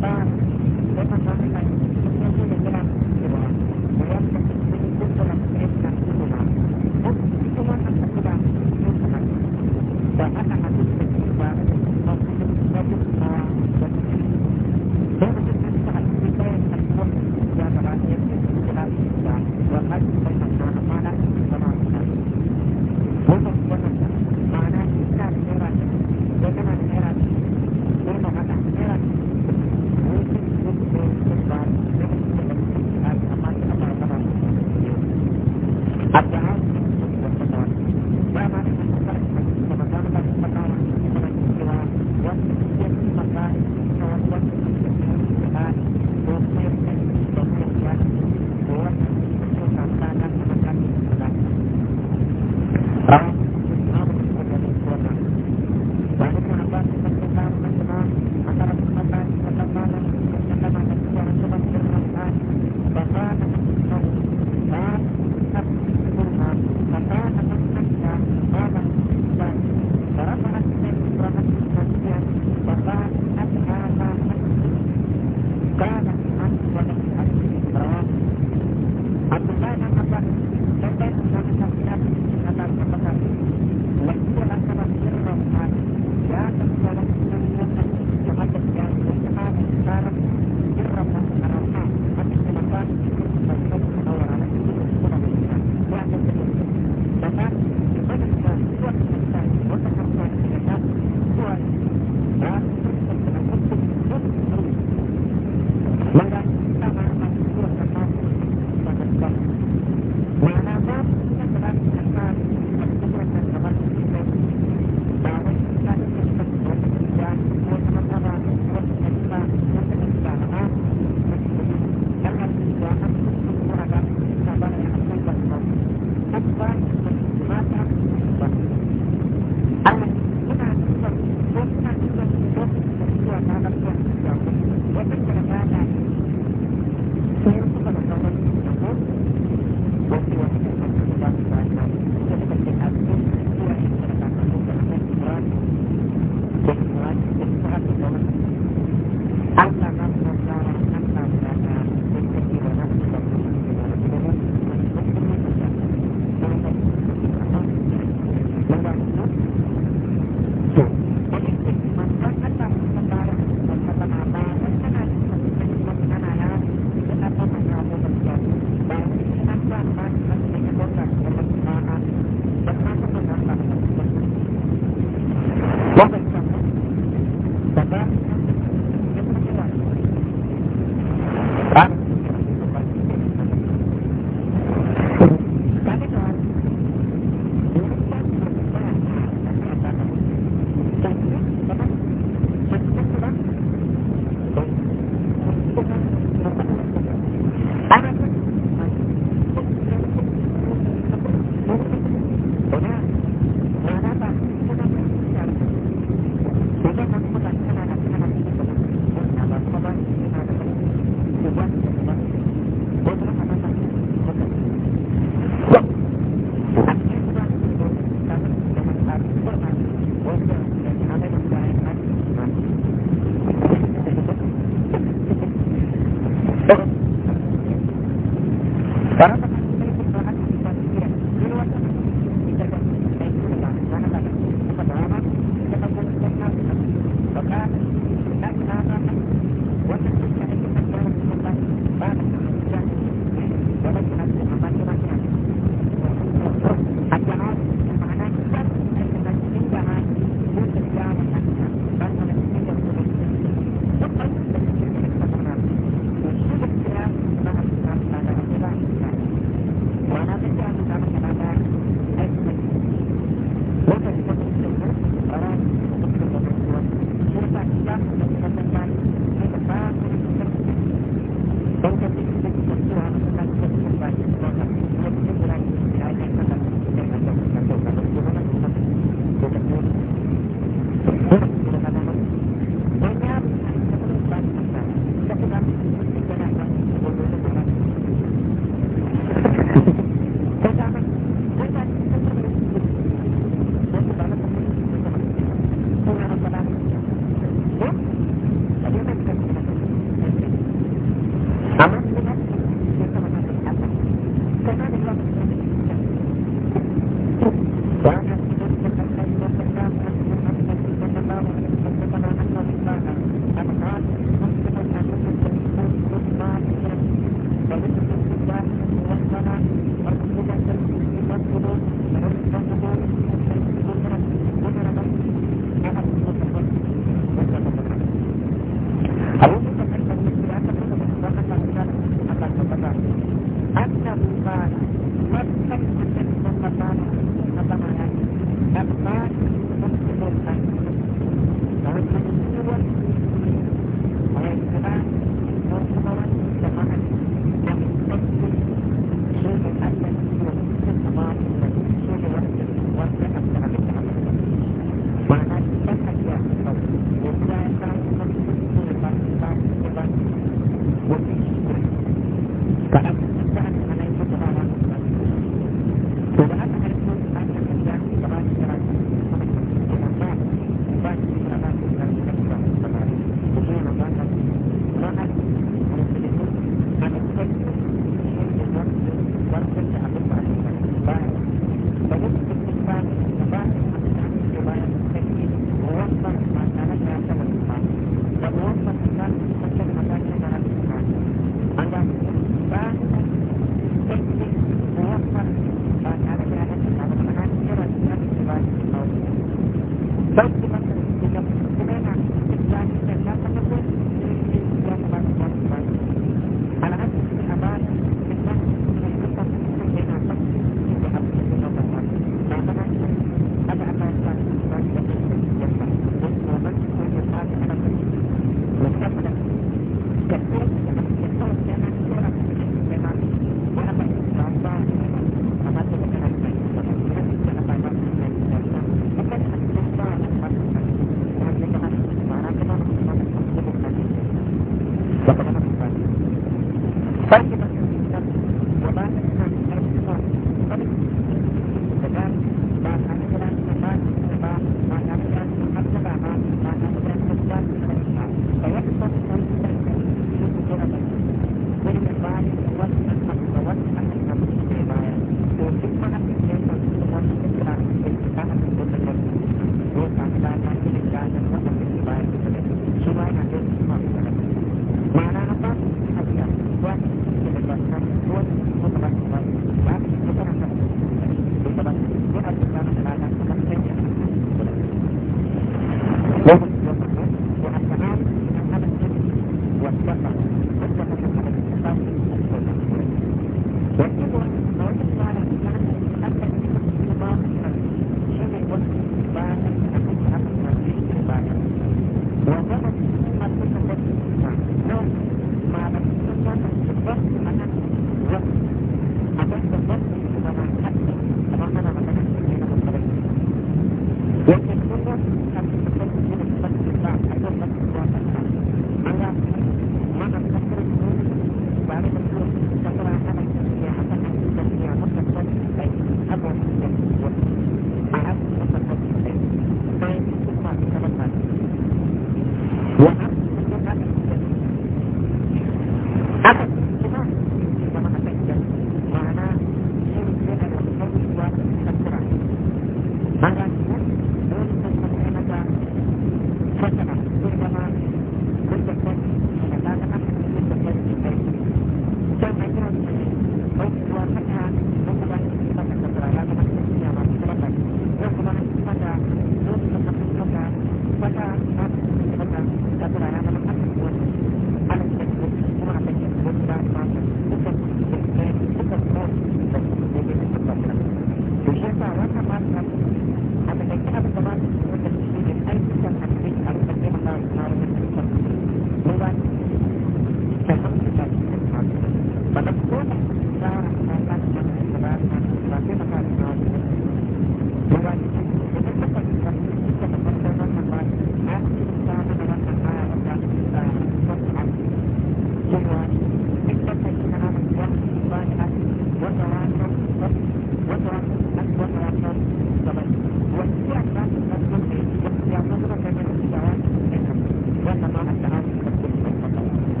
ta để mà cho cái này Manda.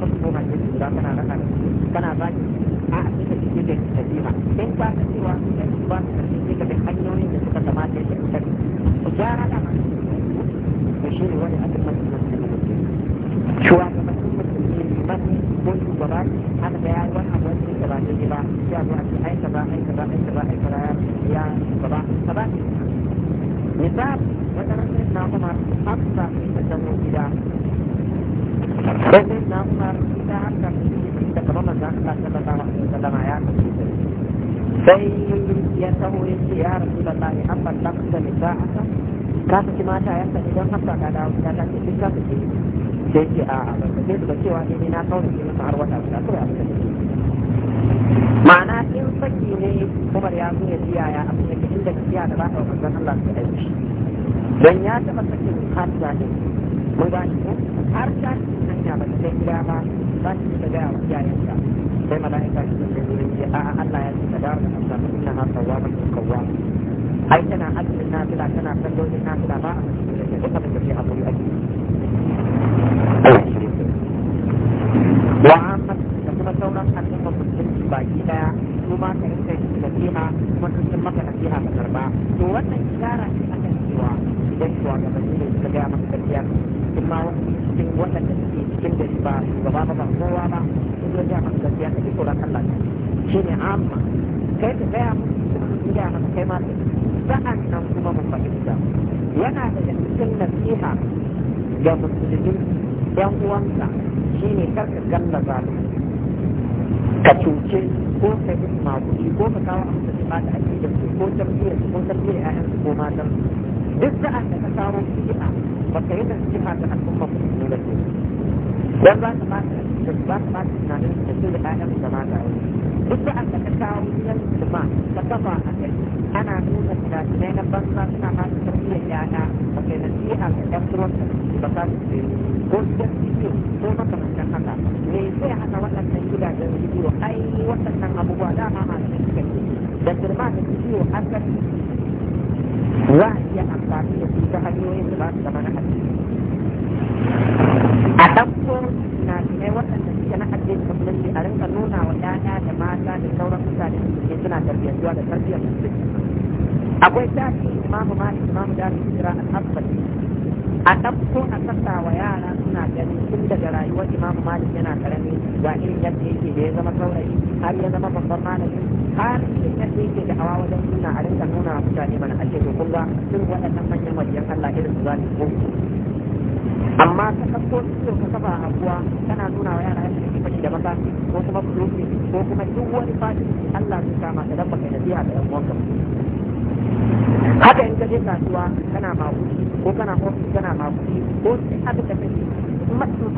ka fito na ke guda kana raka da kana ba ki a sai da tafiya in ba ka cewa in ba ka karshe ka hanyoyin da suka kamata ya fita ku gyara da ma da shi ne wani abin masu masu masu ko da ya wani abu da ba daidai ba ya zo a ce ai kaza ai ai ai ya shugaba ka ba wata na kuma hafsa zama gida sai na umar ita harkar da kamar manzan Allah sallallahu alaihi ya taho ya ce ya rasu da lahi an ballon ta ne za a ka ka saki mata yanka idan hasa ka dawo ka ta ce duk ka sai ce a a sai cewa ne na kawo ne masa har wata guda kawai abin da ke ma'ana in saki ne umar ya zo ya biya ya abin da ke inda ka da za ka wa manzan Allah su aiki don ya taɓa sakin hasa ne mun gane ko har hanya ba ta gida ba za ta ta gaya wa iyayenta sai mala'ika shi ne wurin Allah ya ce ta dawo da hamsa inna kawwa ai tana azumin nafila tana sallolin nafila a mace da da hakuri waɗanda suke cikin gari ba shugaba ba ba kowa ba in zo gaya maka gaskiya ka ji tsoron Allah ne shi ne amma kai ta gaya musu sun gaya maka kai ma su sa'an nan kuma mun fahimta yana da cikin nasiha ga musulmi yan uwansa shine kar ka za mu ka cuce ko ka yi kuɗi ko ka kawo amsa su ba da ake da su ko tarbiyyar su ko tarbiyyar 'ya'yansu ko matan su duk sa'an da ka samu bid'a baka yi nasiha ga al'umma musulmi ba ke don za ka ba ka ba ka ba tunanin da su da ƴaƴan da mata duk sa'an da ka samu yan musulma ka kafa a kai ana nuna tunanin na banza suna ba su yana ba baka yi nasiha ga ƴan tuwanta ba ka su ce ko gidan bidiyo ko haka me zai hana waɗannan gidajen bidiyo ai waɗannan abubuwa dama ma da da girma da za a iya amfani da su ta hanyoyin da ba su zama na hadisi a ɗauko na ne waɗanda suke na hadisi da musulunci a rinka nuna wa ɗaya da mata da sauran mutane da suke suna tarbiyyantuwa da tarbiyyar musulunci akwai tashi imamu malik imamu da kira al-abbasi a ɗauko a sassa wa yara suna gani tun daga rayuwar imamu malik yana karami ga irin yadda yake da ya zama saurayi har ya zama babban malami har irin yadda yake da hawa wajen suna a rinka nuna wa mutane mana ake to kun ga tun waɗannan manyan waliyan allah irin su za su ko amma ta ɗauko cikin ka kafa a kuwa kana nuna wa yara yadda yake da maza ko kuma su ko kuma duk wani fashin allah zai kama ka dan baka nasiha da ɗan uwanka haka in ka je kasuwa kana makuɗi ko kana ofis kana makuɗi ko sai abin ka kake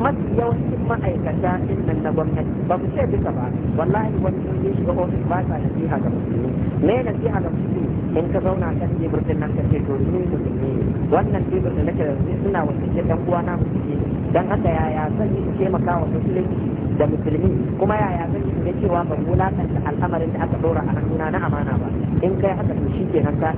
mafi yawancin ma'aikata in nan na gwamnati ba mu ce duka ba wallahi wani sun je shiga ofis ba sa nasiha ga musulmi me nasiha ga musulmi in ka zauna kan tebur din nan ka ce to ni musulmi wannan tebur da nake da suna wasu ke dan na musulmi dan haka yaya zan yi taimaka wa musulunci da musulmi kuma yaya zan yi ga cewa ban wulakanta al'amarin da aka dora a hannuna na amana ba in kai haka to shi kenan ka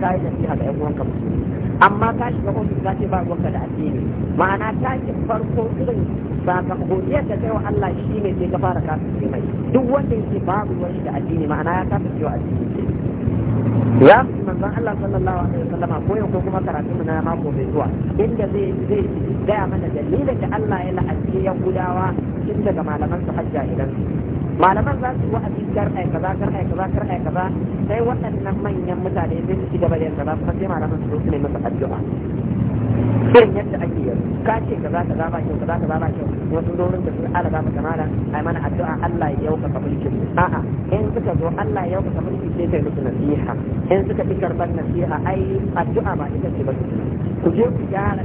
ka yi nasiha ga yan uwanka musulmi amma ka shiga ofis za ce ba ruwanka da addini ma'ana ta ce farko irin sakamako da kai wa Allah shi ne sai ka fara kafin mai duk wanda yake babu ruwan shi da addini ma'ana ya kafin cewa addini ya fi manzan Allah sallallahu alaihi wa sallama ko yau ko kuma karatu na mako mai zuwa inda zai zai gaya mana dalilin da Allah ya ya gudawa tun daga malaman su hajja idan malaman za su wa'azi kar ai kaza kar ai kaza kar ai kaza sai waɗannan manyan mutane sai su ci gaba da yanzu kuma sai malaman su su ne masa addu'a irin yadda ake yi ka ce kaza kaza ba kyau kaza kaza ba kyau wasu domin da sun ala zama kamala ai mana addu'a Allah ya yauka ka mulkin a'a in suka zo Allah ya yauka ka mulki sai kai musu nasiha in suka ki karban nasiha ai addu'a ba ita ce ba ku je ku gyara da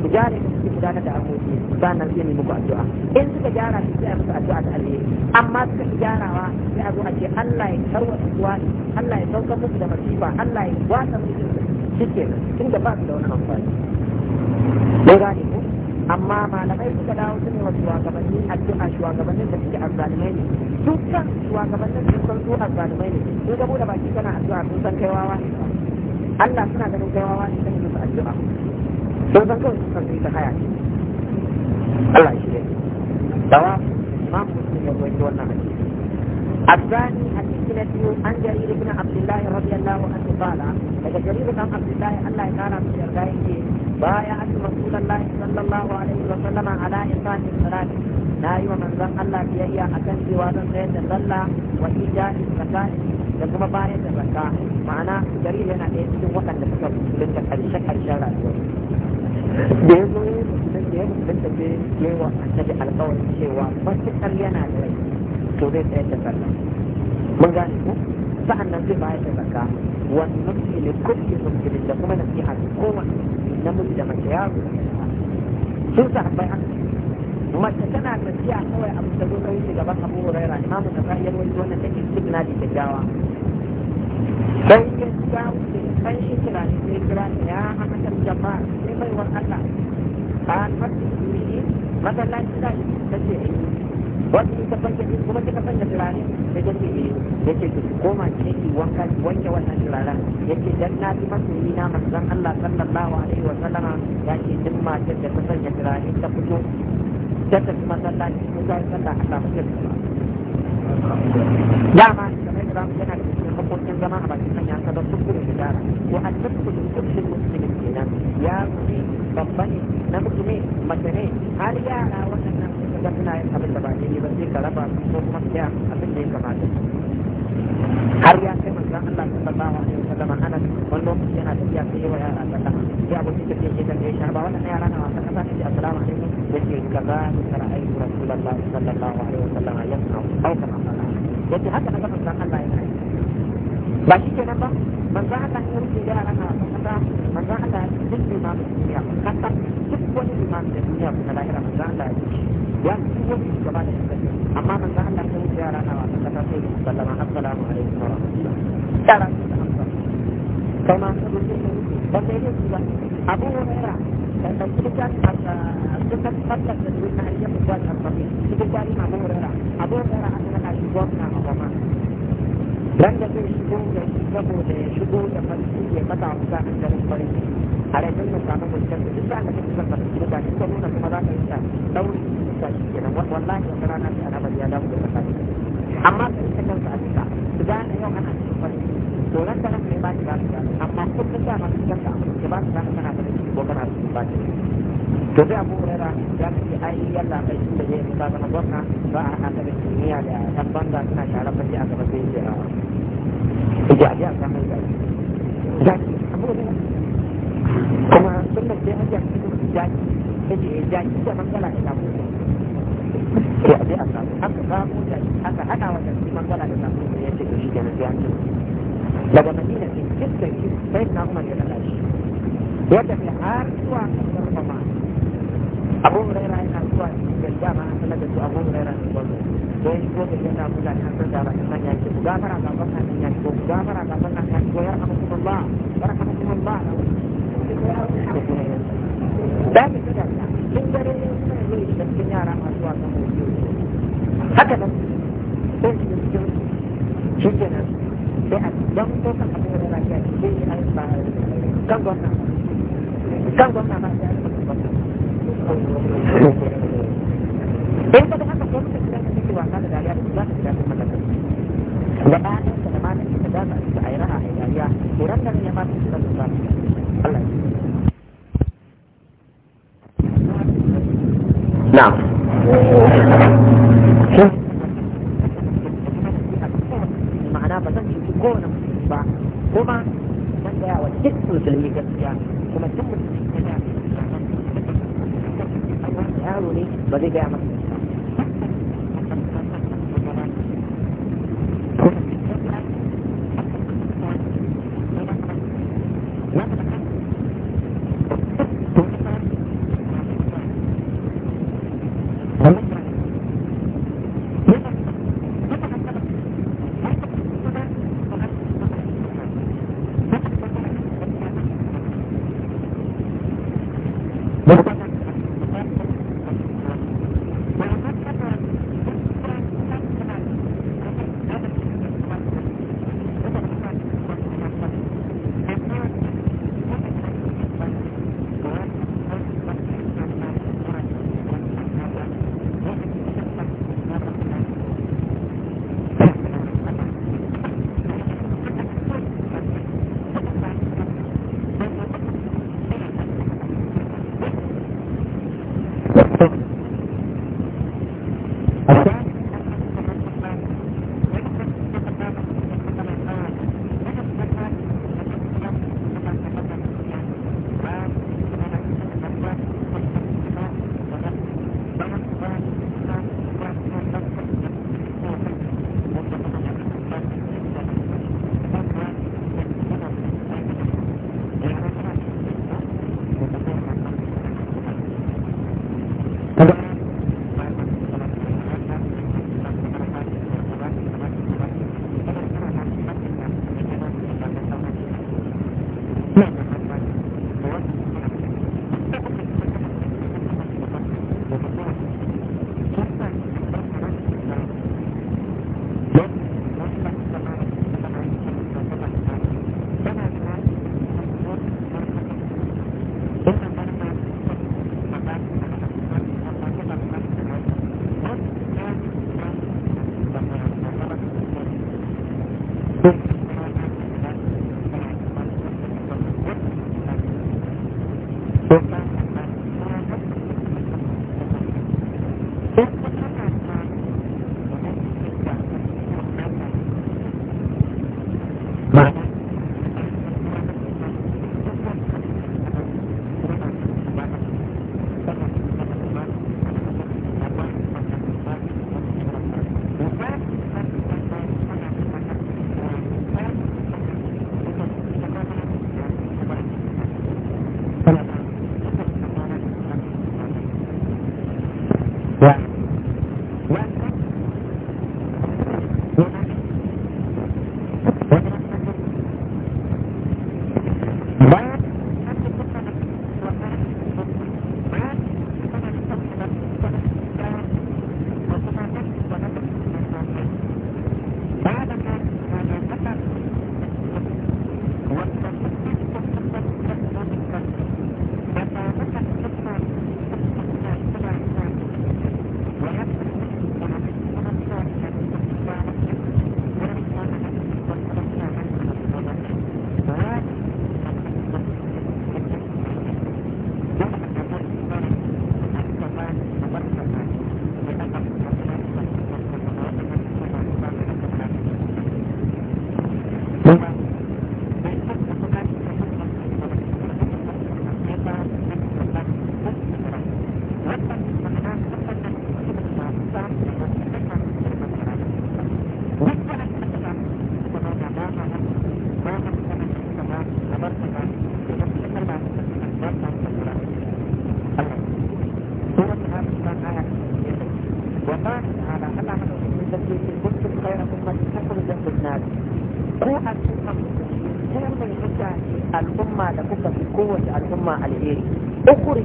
ku gyara yadda suke gudanar da harkoki sannan sai mu muku addu'a in suka gyara su sai a musu addu'a ta alheri amma suka gyarawa sai a zo a ce Allah ya tarwata kuwa Allah ya sauka musu da masifa Allah ya wasa musu shike tun da ba su da wani amfani mun gane ku amma malamai suka dawo su ne wa shugabanni addu'a shugabannin da suke azzalumai ne dukkan shugabannin sun san su azzalumai ne sun gabo da baki kana addu'a sun san kaiwa ne Allah suna ganin kaiwawa ne kan musu addu'a don ta kan kan yi ta haya Allah shi ne dawa ma ku ne ga wani wannan hadisi azani hadisi ne tu an ga yi ibn abdullah radiyallahu anhu daga jarir ibn abdullah Allah ya kara mu yarda yake baya an rasulullah sallallahu alaihi wa sallama ala insani salat na yi wa manzon Allah biyayya a kan cewa zan sayar da sallah wa ijani zakati da kuma bayar da zakka ma'ana jarir yana da cikin waɗanda suka fuskanta karshen wanda ya yi wa annabi alƙawarin cewa matuƙar yana da rai to zai tsaye da sallah mun gane ku sa'an nan zai bayar da zakka wannan ne kullum musulmi da kuma nasiha ga kowanne namiji da mace yaro zo sun sa bai an mace tana tafiya kawai abu da zo kawai gaban abu huraira imamu da kayan wani wannan take cikin na da kyakkyawa sai ya ga wuce kan shi ne sai kira ya haka jama'a sai baiwar Allah a mafi masallaci za ta ce wasu in ta fanke kuma kika banke turare da ta ce yi. Eh. ya ce ki koma ki wanka wanke wannan turaren ya ce dan na fi yi na manzon Allah sallallahu alaihi wa sallama ya ce duk matar da ta sanya turare ta fito ta tafi masallaci ko ta sallah Allah ta dama kamar da zamu yana cikin hukuncin zama a bakin hanya ka da sukuru da ko a cikin kudin kudin musulmi kenan ya fi babba ne na ne mace ne har yara waɗannan sun ga suna yin abin da ba daidai ba sai ko kuma su abin da ya kamata har ya kai manzon Allah sallallahu alaihi sallama ana wani lokaci yana tafiya sai yawa yara sallah sai abokin tafiya ke tambaye shi ba wannan yara na wasa kasa ce assalamu alaikum yake kaza ni ra'ayi rasulullahi sallallahu alaihi haka na ga Allah bagi kenapa? kenan ba manzo Allah ya rufe yara na kasa manzo Allah ya duk limamu ya kasa duk wani limamu da duniya kuma lahira manzo Allah ya ce ya duk wani shugaba da suka ce amma manzo Allah ya rufe yara na wasan kasa sai da sallama assalamu alaikum abu huraira dan dan abu huraira abu huraira an naka shi ran da shigo da shi saboda ya shigo da farki ya fata wa sa da farki a ranar da samu mutum da duk da kake son da shi ka nuna kuma za ka yi ta dauri da shi kenan wallahi wata rana sai ana bari da dawo da farki amma sai ka kanka a da su da na yau ana cikin farki to ran da ranka ba shi ba amma kullum da ma su da ba su kana kana da shi ko kana da shi ba shi to sai abu hurera ya ce ai yalla kai tun da ya yi ta zama gwamna ba a haka da kimiyya da ɗan banda suna share fage a gaba sai ce a ije a ta mai zaki zaki abu hurera kuma sun da sai hajjar cikin zaki ta ce zaki eh, da matsala da zafi ko a biya ta haka samu da haka haɗa wa zaki matsala da zafi ya ce to shi kenan na an daga madina ce cikin sai na umar ya lalace wata mai har zuwa abu huraira yana zuwa cikin gari dama an sanar da su abu huraira ne gwamna to ya shigo gari yana buga ne an san da bakin nan ya ku gafara ga gwamna nan ya shigo ku gafara ga gwamna nan ya shigo ya rahama kuma ba ba rahama kuma ba da ke gida ta in dare ne suna yi da cikin yara masu wasan hoto haka nan sai su yi cikin shi kenan sai a don ko kan abu huraira ya ce a yi ba kan gwamna kan gwamna ba ya in ka ga haka ko mutum da kake wasa da dariya ba za ka ji daɗin mallakar da ɗayan da malamin ka za ka a yi raha a yi dariya to ran nan ya ma su da za su Allah na'am ma'ana ba zan cuci kowane musulmi ba kuma zan gaya wa duk musulmi gaskiya kuma duk musulmi ba zai gaya masa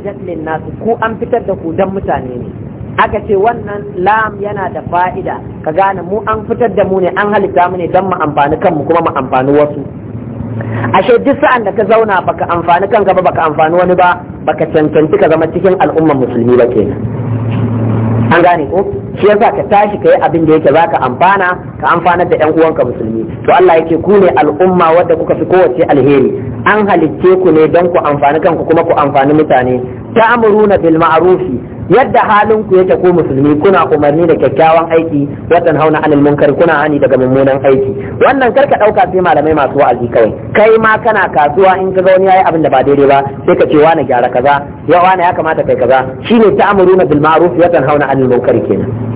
ukhrijat lin ku an fitar da ku dan mutane ne aka ce wannan lam yana da fa'ida ka gane mu an fitar da mu ne an halitta mu ne dan mu amfani kanmu kuma mu amfani wasu ashe duk sa'an da ka zauna baka amfani kanka ba baka amfani wani ba baka cancanci ka zama cikin al'ummar musulmi ba kenan an gane ko shi yasa ka tashi ka yi abin da yake zaka amfana ka amfanar da yan uwanka musulmi to Allah yake ku ne al'umma wadda kuka fi kowace alheri an halicce ku ne don ku amfani kanku kuma ku amfani mutane ta'muruna bil ma'rufi yadda halinku yake ko musulmi kuna umarni da kyakkyawan aiki watan hauna anil munkar kuna hani daga mummunan aiki wannan karka dauka sai malamai masu wa'azi kawai kai ma kana kasuwa in ka ga wani yayi abin da ba daidai ba sai ka ce wani gyara kaza ya wani ya kamata kai kaza shine ta'muruna bil ma'ruf watan hauna anil munkar kenan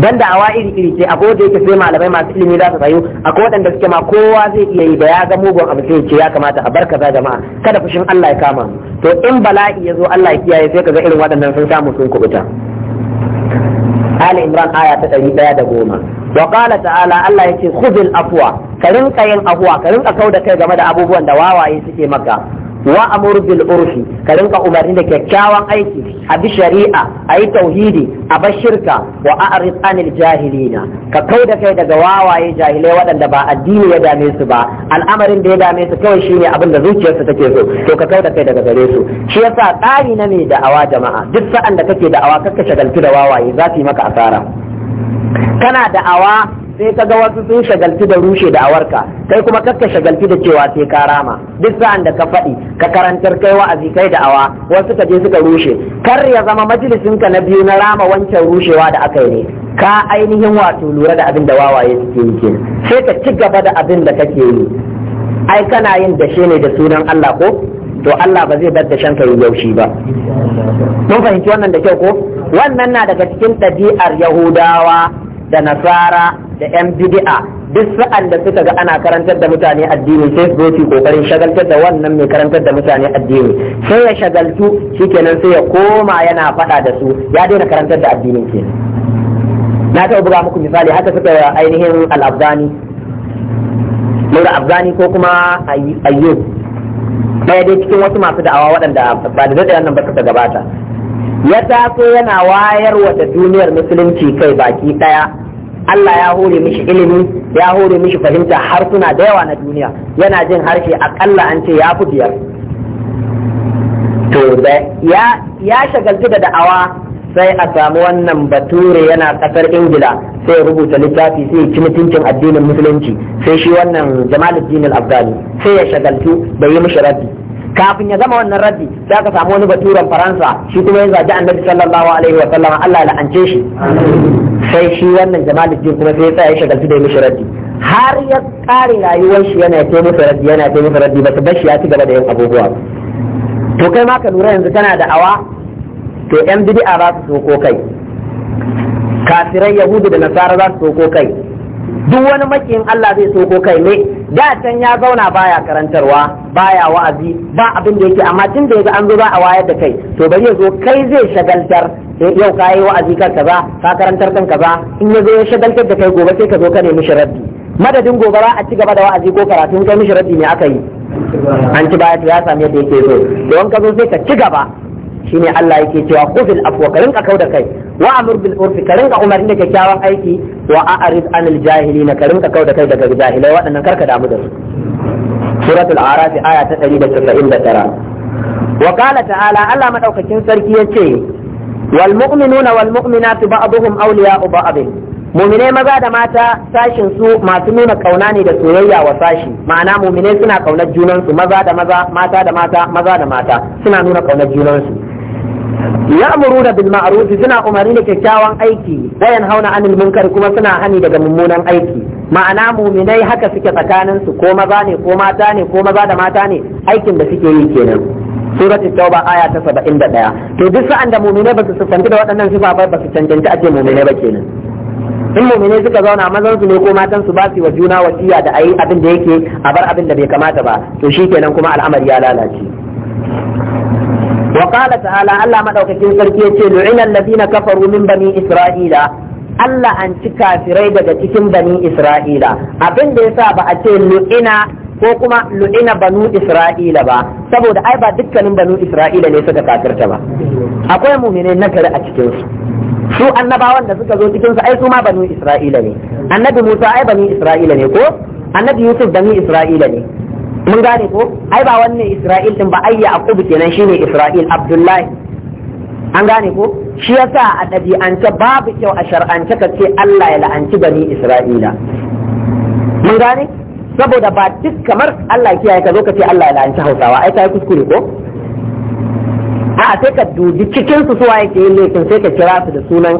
dan awa iri iri ce a da yake sai malamai masu ilimi za su tsayo akwai waɗanda suke ma kowa zai iya yi da ya ga mugun abu sai ce ya kamata a bar kaza jama'a kada fushin Allah ya kama mu to in bala'i ya zo Allah ya kiyaye sai ga irin waɗannan sun samu sun kubuta Ali Imran aya ta ɗari ɗaya da goma. Wa ta'ala Allah ya ce afwa ka rinka yin afwa ka rinka kau da kai game da abubuwan da wawaye suke maka wa amur bil urfi ka rinka umarni da kyakkyawan aiki a bi shari'a a yi tauhidi a bar shirka wa a'rid anil jahilina ka kau da kai daga wawaye jahilai waɗanda ba addini ya dame su ba al'amarin da ya dame su kawai shine abin da zuciyarsu take so to ka kau da kai daga gare su shi yasa tsari na mai da'awa jama'a duk sa'an da kake da'awa kakka shagaltu da wawaye za su yi maka asara kana da'awa sai kaga wasu sun shagalci da rushe da awarka kai kuma kakka shagalci da cewa sai ka rama duk sa'an da ka faɗi ka karantar kai wa'azi kai da awa wasu ka je suka rushe kar ya zama majalisin ka na biyu na rama wancan rushewa da aka yi ne ka ainihin wato lura da abin da wawaye suke yi kenan sai ka ci gaba da abin da kake yi ai kana yin dashe ne da sunan Allah ko to Allah ba zai bar da shanka yi yaushi ba mun fahimci wannan da kyau ko wannan na daga cikin ɗabi'ar Yahudawa da nasara da yan bid'a duk sa'an da suka ga ana karantar da mutane addini sai su zoci kokarin shagaltar da wannan mai karantar da mutane addini sai ya shagaltu shikenan sai ya koma yana faɗa da su ya daina karantar da addinin ke na taɓa buga muku misali haka suka ainihin al'abdani lura abdani ko kuma ayyub ɗaya dai cikin wasu masu da'awa waɗanda ba da daɗe nan ba suka gabata ya taso yana wayar wa da duniyar musulunci kai baki ɗaya Allah ya hore mishi ilimi ya hore mishi fahimta harsuna da yawa na duniya yana jin harshe akalla an ce ya fi biyar to da ya ya shagaltu da da'awa sai a samu wannan bature yana kasar ingila sai ya rubuta littafi sai ya ci mutuncin addinin musulunci sai shi wannan jamaluddin al sai ya shagaltu bai yi mishi rabbi. kafin ya gama wannan rabbi, sai aka samu wani baturen faransa shi kuma ya zaji annabi sallallahu alaihi wa sallama Allah ya la'ance shi sai shi wannan jama'a da kuma sai ya tsaya ya shagaltu da mishi raddi har ya kare rayuwar shi yana ta masa raddi yana ta masa raddi ba su bashi ya ci gaba da yin abubuwa to kai ma ka lura yanzu kana da awa to yan bid'a za su soko kai kafirai yahudu da nasara za su soko kai duk wani makiyin Allah zai soko kai ne da can ya zauna baya karantarwa baya wa'azi ba abin da yake amma tun da yaga an zo za a wayar da kai to bari ya zo kai zai shagaltar eh, yau ka yi wa'azi kan kaza ka karantar kan kaza in ya zo ya shagaltar da kai gobe sai ka zo ka nemi sharaddi madadin gobe ba a ci gaba da wa'azi ko karatu kai mishi raddi ne aka yi an ci baya to ya sami yadda yake so don ka zo sai ka ci gaba shine Allah yake cewa khudhil afwa ka rinka kauda kai wa amur bil urfi ka rinka umarni da kyakkyawan aiki wa a'rid anil na ka rinka kauda kai daga jahilai waɗannan karka damu da su suratul a'raf aya ta 199 wa qala ta'ala Allah madaukakin sarki yace wal mu'minuna wal mu'minatu ba'dhum awliya'u ba'd mumine maza da mata sashin su masu nuna kauna ne da soyayya wa sashi ma'ana mumine suna kaunar junansu maza da maza mata da mata maza da mata suna nuna kaunar junansu ya'muruna bil ma'ruf suna umarni da kyakkyawan aiki wayan hauna anil munkar kuma suna hani daga mummunan aiki ma'ana muminai haka suke tsakanin su ko maza ne ko mata ne ko maza da mata ne aikin da suke yi kenan suratu tauba aya ta 71 to duk sa'an da muminai ba su sufanta da waɗannan sifa ba ba su cancanci ake muminai ba kenan in muminai suka zauna mazan su ne ko matan su ba su wa juna wasiya da ayi abin da yake a bar abin da bai kamata ba to shikenan kuma al'amari ya lalace wa qala ta'ala Allah madaukakin sarki yace lu'ina alladhina kafaru kafarumin bani isra'ila Allah an ci kafirai daga cikin bani isra'ila abin da yasa ba a ce lu'ina ko kuma lu'ina banu isra'ila ba saboda ai ba dukkanin banu isra'ila ne suka kafirta ba akwai na a cikin su annabawan da suka zo cikin su ai su ma banu isra'ila ne annabi Musa ai isra'ila ne ko annabi Yusuf bani isra'ila ne mun gane ko ai ba wannan Isra'il din ba ai Yaqub kenan shine Isra'il Abdullahi an gane ko shi yasa a ɗabi'ance babu kyau a shar'ance ka ce Allah ya la'anci bani Isra'ila mun gane saboda ba duk kamar Allah kiyaye ka zo ka ce Allah ya la'anci Hausawa ai yi kuskure ko a sai ka dubi cikin su suwaye yake yin laifin sai ka kira su da sunan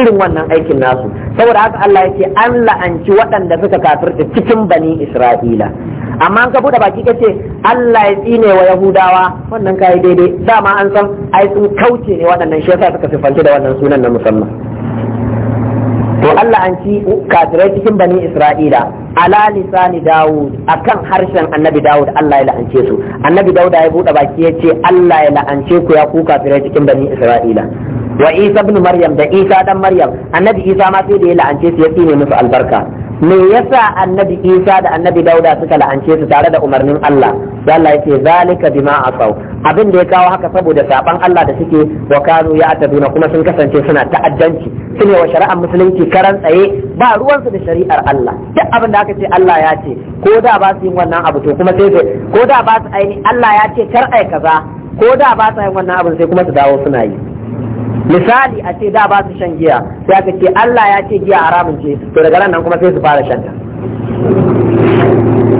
irin wannan aikin nasu saboda haka Allah ya ce an la'anci waɗanda suka kafirta cikin bani Isra'ila amma an ka bude baki yace Allah ya tsine wa Yahudawa wannan kai daidai dama an san ai sun kauce ne waɗannan shi yasa suka sifanci da wannan sunan na musamman to Allah an ci kafirai cikin bani Isra'ila ala lisani Dawud akan harshen Annabi Dawud Allah ya la'ance su Annabi Dawud ya bude baki ya ce Allah ya la'ance ku ya ku kafirai cikin bani Isra'ila wa isa ibn maryam da isa dan maryam annabi isa ma sai da ya la'ance su ya tsine musu albarka me yasa annabi isa da annabi dauda suka la'ance su tare da umarnin allah da allah yace zalika bima asaw abin da ya kawo haka saboda saban allah da suke wa kanu ya atabuna kuma sun kasance suna ta'addanci ne wa shari'ar musulunci karan tsaye ba ruwansu da shari'ar allah duk abin da aka ce allah ya ce ko da ba su yi wannan abu to kuma sai ko da ba su aini allah ya ce kar ai kaza ko da ba su yin wannan abu sai kuma su dawo suna yi misali a ce da ba su shan giya sai aka ce Allah ya ce giya haramun ce to daga nan kuma sai su fara shan ta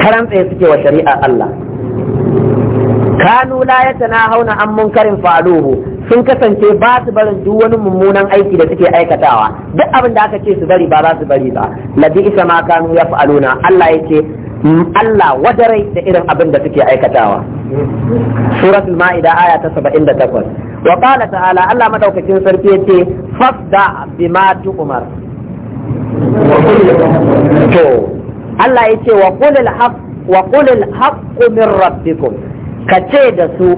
karan tsaye suke wa shari'a Allah kanu la hauna an mun karin faluhu sun kasance ba su barin duk wani mummunan aiki da suke aikatawa duk abin da aka ce su bari ba su bari ba ladi isa ma kanu ya fa'aluna Allah ya ce mm, Allah wadarai da irin abin da suke aikatawa suratul ma'ida aya ta 78 wa qala ta'ala Allah madaukakin sarki yace fasda bima tu'mar to Allah yace wa qulil haqq wa qulil haqq min rabbikum kace da su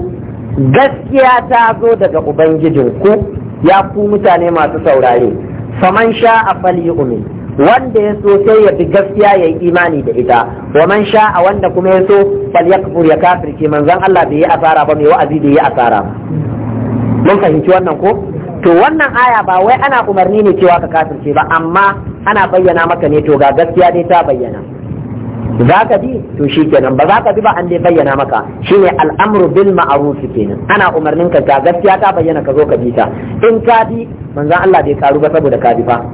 gaskiya ta zo daga ubangijinku ya fi mutane masu saurare faman sha'a falyu'min wanda ya so sai ya bi gaskiya ya yi imani da ita wa man sha'a wanda kuma ya so fal yakfur ya kafirce manzon Allah bai yi asara ba mai wa'azi bai yi asara mun fahimci wannan ko to wannan aya ba wai ana umarni ne cewa ka kafirce ba amma ana bayyana maka ne to ga gaskiya ne ta bayyana za ka bi to shi kenan ba za ka bi ba an dai bayyana maka shine al'amru bil ma'ruf kenan ana umarnin ka ga gaskiya ta bayyana ka zo ka bi ta in ka bi manzon Allah bai karu ba saboda ka bi fa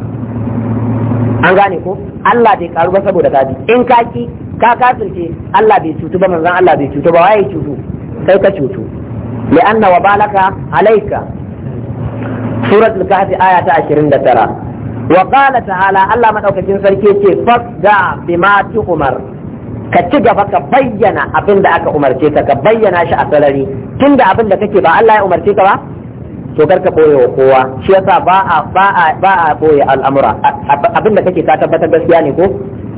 an gane ko Allah bai karu ba saboda kaji in ka ki ka kafirce Allah bai cutu ba manzon Allah bai cutu ba waye cutu Sai ka cutu anna wa balaka alayka surat al-kahf aya ta 29 wa qala ta'ala Allah madaukakin sarki yake fasda bima umar. ka ci gaba ka bayyana abin da aka umarce ka ka bayyana shi a sarari tunda abin da kake ba Allah ya umarce ka ba to karka boye wa kowa shi yasa ba a ba a ba a boye al'amura abinda kake ka tabbatar gaskiya ne ko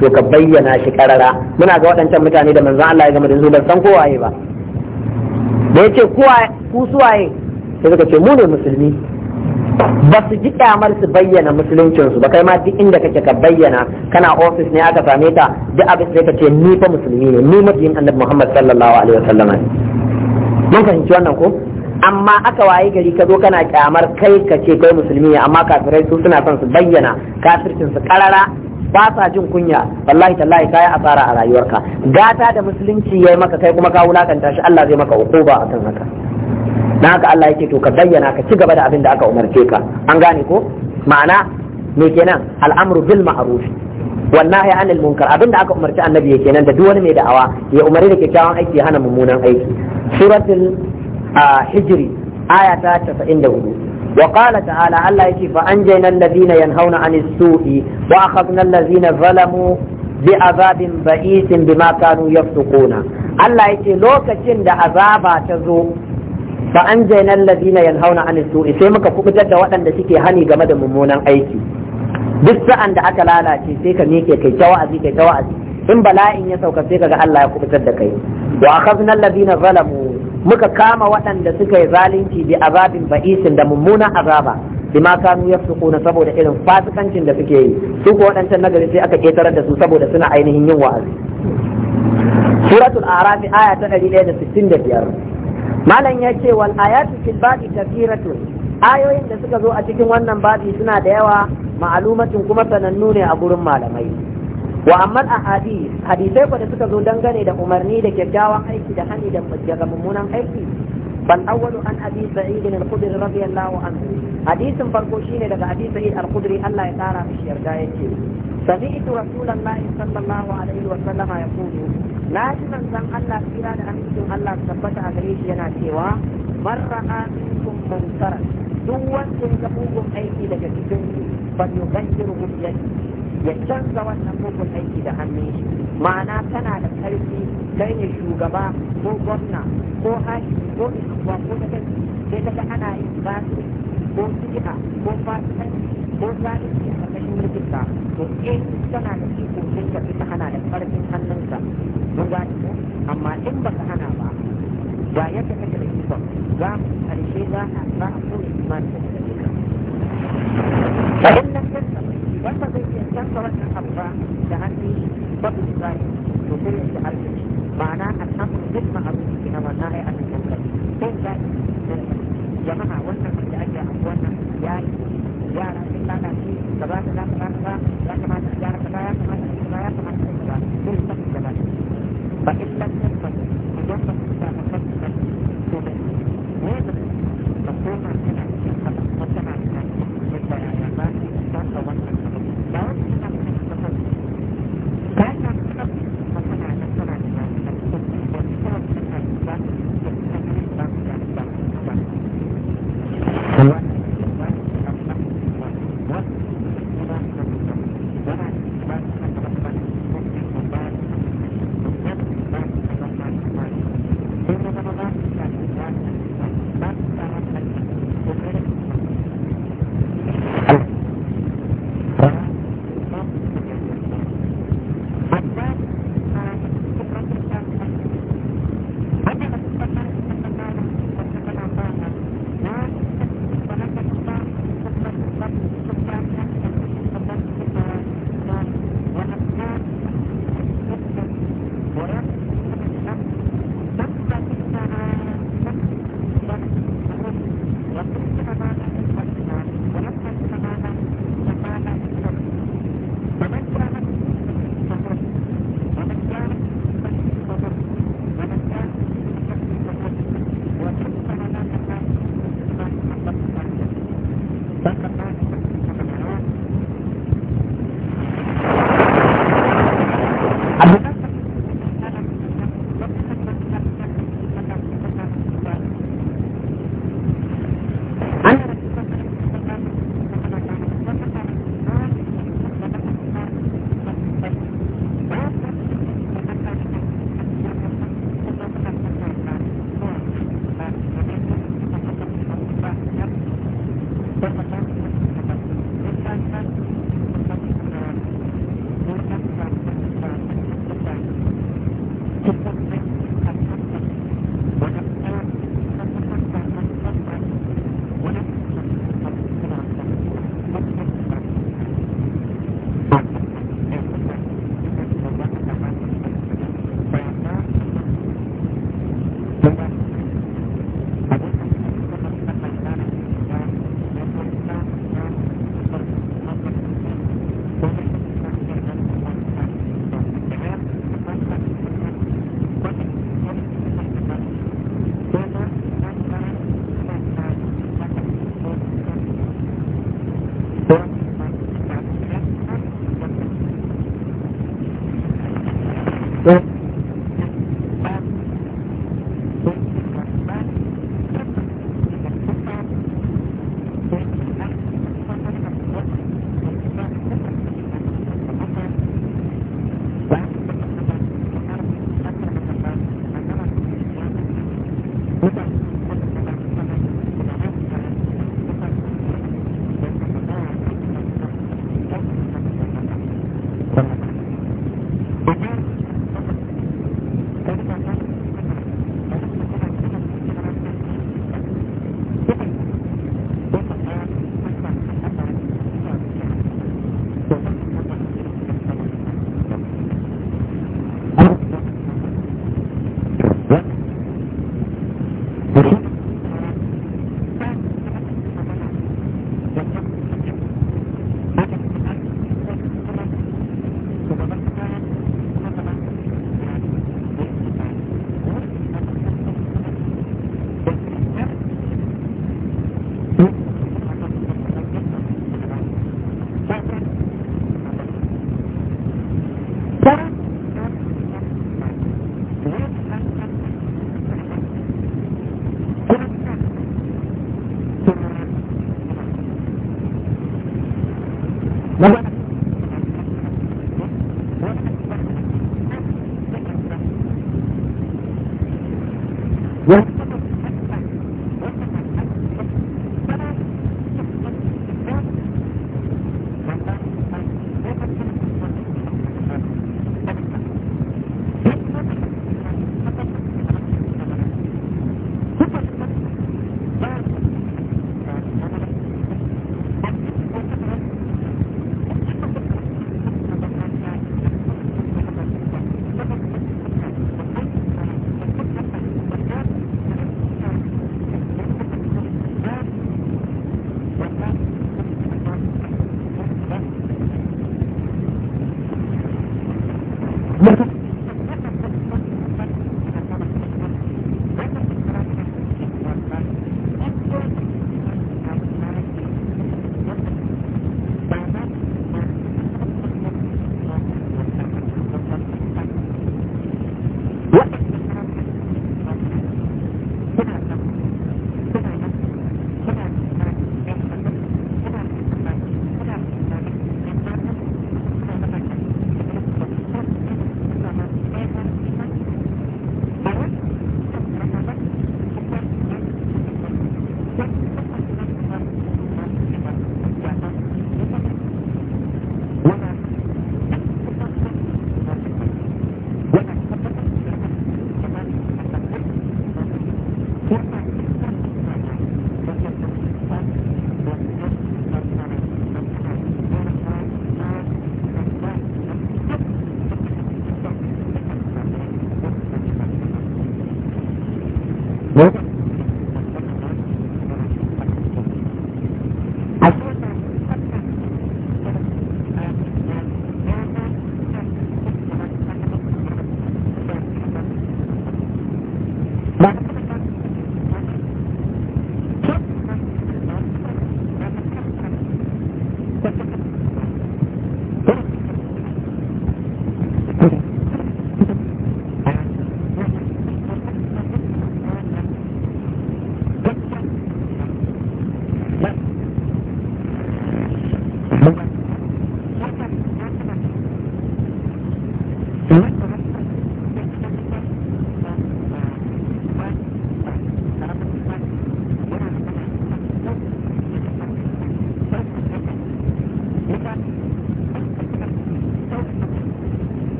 to ka bayyana shi karara muna ga waɗancan mutane da manzon Allah ya gama da su san san kowaye ba da yace kowa ku suwaye sai suka ce mu ne musulmi ba su ji kyamar su bayyana musuluncinsu ba kai ma duk inda kake ka bayyana kana ofis ne aka same ta duk abin sai ka ce ni fa musulmi ne ni mabiyin annabi Muhammad sallallahu alaihi wasallam mun fahimci wannan ko amma aka waye gari ka zo kana kyamar kai ka ce kai musulmi ne amma kafirai su suna son su bayyana kafircin su karara ba sa jin kunya wallahi tallahi kai asara a rayuwarka gata da musulunci yayi maka kai kuma ka wulakanta shi Allah zai maka ukuba akan haka dan haka Allah yake to ka bayyana ka ci gaba da abin da aka umarce ka an gane ko ma'ana me kenan al'amru bil ma'ruf wallahi anil munkar abinda aka umarci annabi ya nan da duk wani mai da'awa ya umari da kyakkyawan aiki ya hana mummunan aiki suratul hijiri aya ta tasa'in da hudu wa qala ta'ala Allah yake fa anjayna alladhina yanhauna 'anil su'i wa akhadna alladhina zalamu bi azabin ba'isin bima kanu yaftuquna Allah yake lokacin da azaba ta zo fa anjayna alladhina yanhauna 'anil su'i sai muka kubutar da waɗanda suke hani game da mummunan aiki duk sa'an da aka lalace sai ka mike kai ta wa'azi kai ta wa'azi in bala'in ya sauka sai kaga Allah ya kubutar da kai wa akhadna alladhina zalamu muka kama waɗanda suka yi zalunci bi azabin ba'isin da mummunan azaba ma kanu yafsukuna saboda irin fasikancin da suke yi su ko waɗancan nagari sai aka ketarar da su saboda suna ainihin yin wa'azi suratul a'raf aya ta 165 malam ya ce wal ayatu fil babi kathiratu ayoyin da suka zo a cikin wannan babi suna da yawa ma'alumatin kuma sanannu ne a gurin malamai wa amma a ahadi hadisai ba da suka zo dangane da umarni da kyakkyawan aiki da hani da daga mummunan aiki ban awwalu an abi sa'id al khudri radiyallahu anhu hadisin farko shine daga abi sa'id al khudri Allah ya tsara mishi yarda yake sami'tu rasulullahi sallallahu alaihi wa sallam ya kudu na ji manzon Allah kira da annabin Allah tabbata a gare shi yana cewa marra minkum man sara duk wanda ya aiki daga cikin ban yukan kiru ya canza wannan mugun aiki da hannun shi ma'ana tana da karfi kai ne shugaba ko gwamna ko hashi ko isuwa ko ta kai sai ta ga ana yin basu ko siya ko fasikanci ko zalunci a ƙarƙashin mulkinka to in eh, tana da iko sai ka fita hana da karfin hannunsa mun gani ko amma in ba ka hana ba ba yadda kake da iko za mu karshe za a za a kone imanin da kake da sarrafin hamza da hannu babu zai to sai ya arziki ma'ana alhamdu duk ma'abu ke na wannan ai arziki sai da jama'a wannan da ake a ya yi yara sun lalace gaba da za ba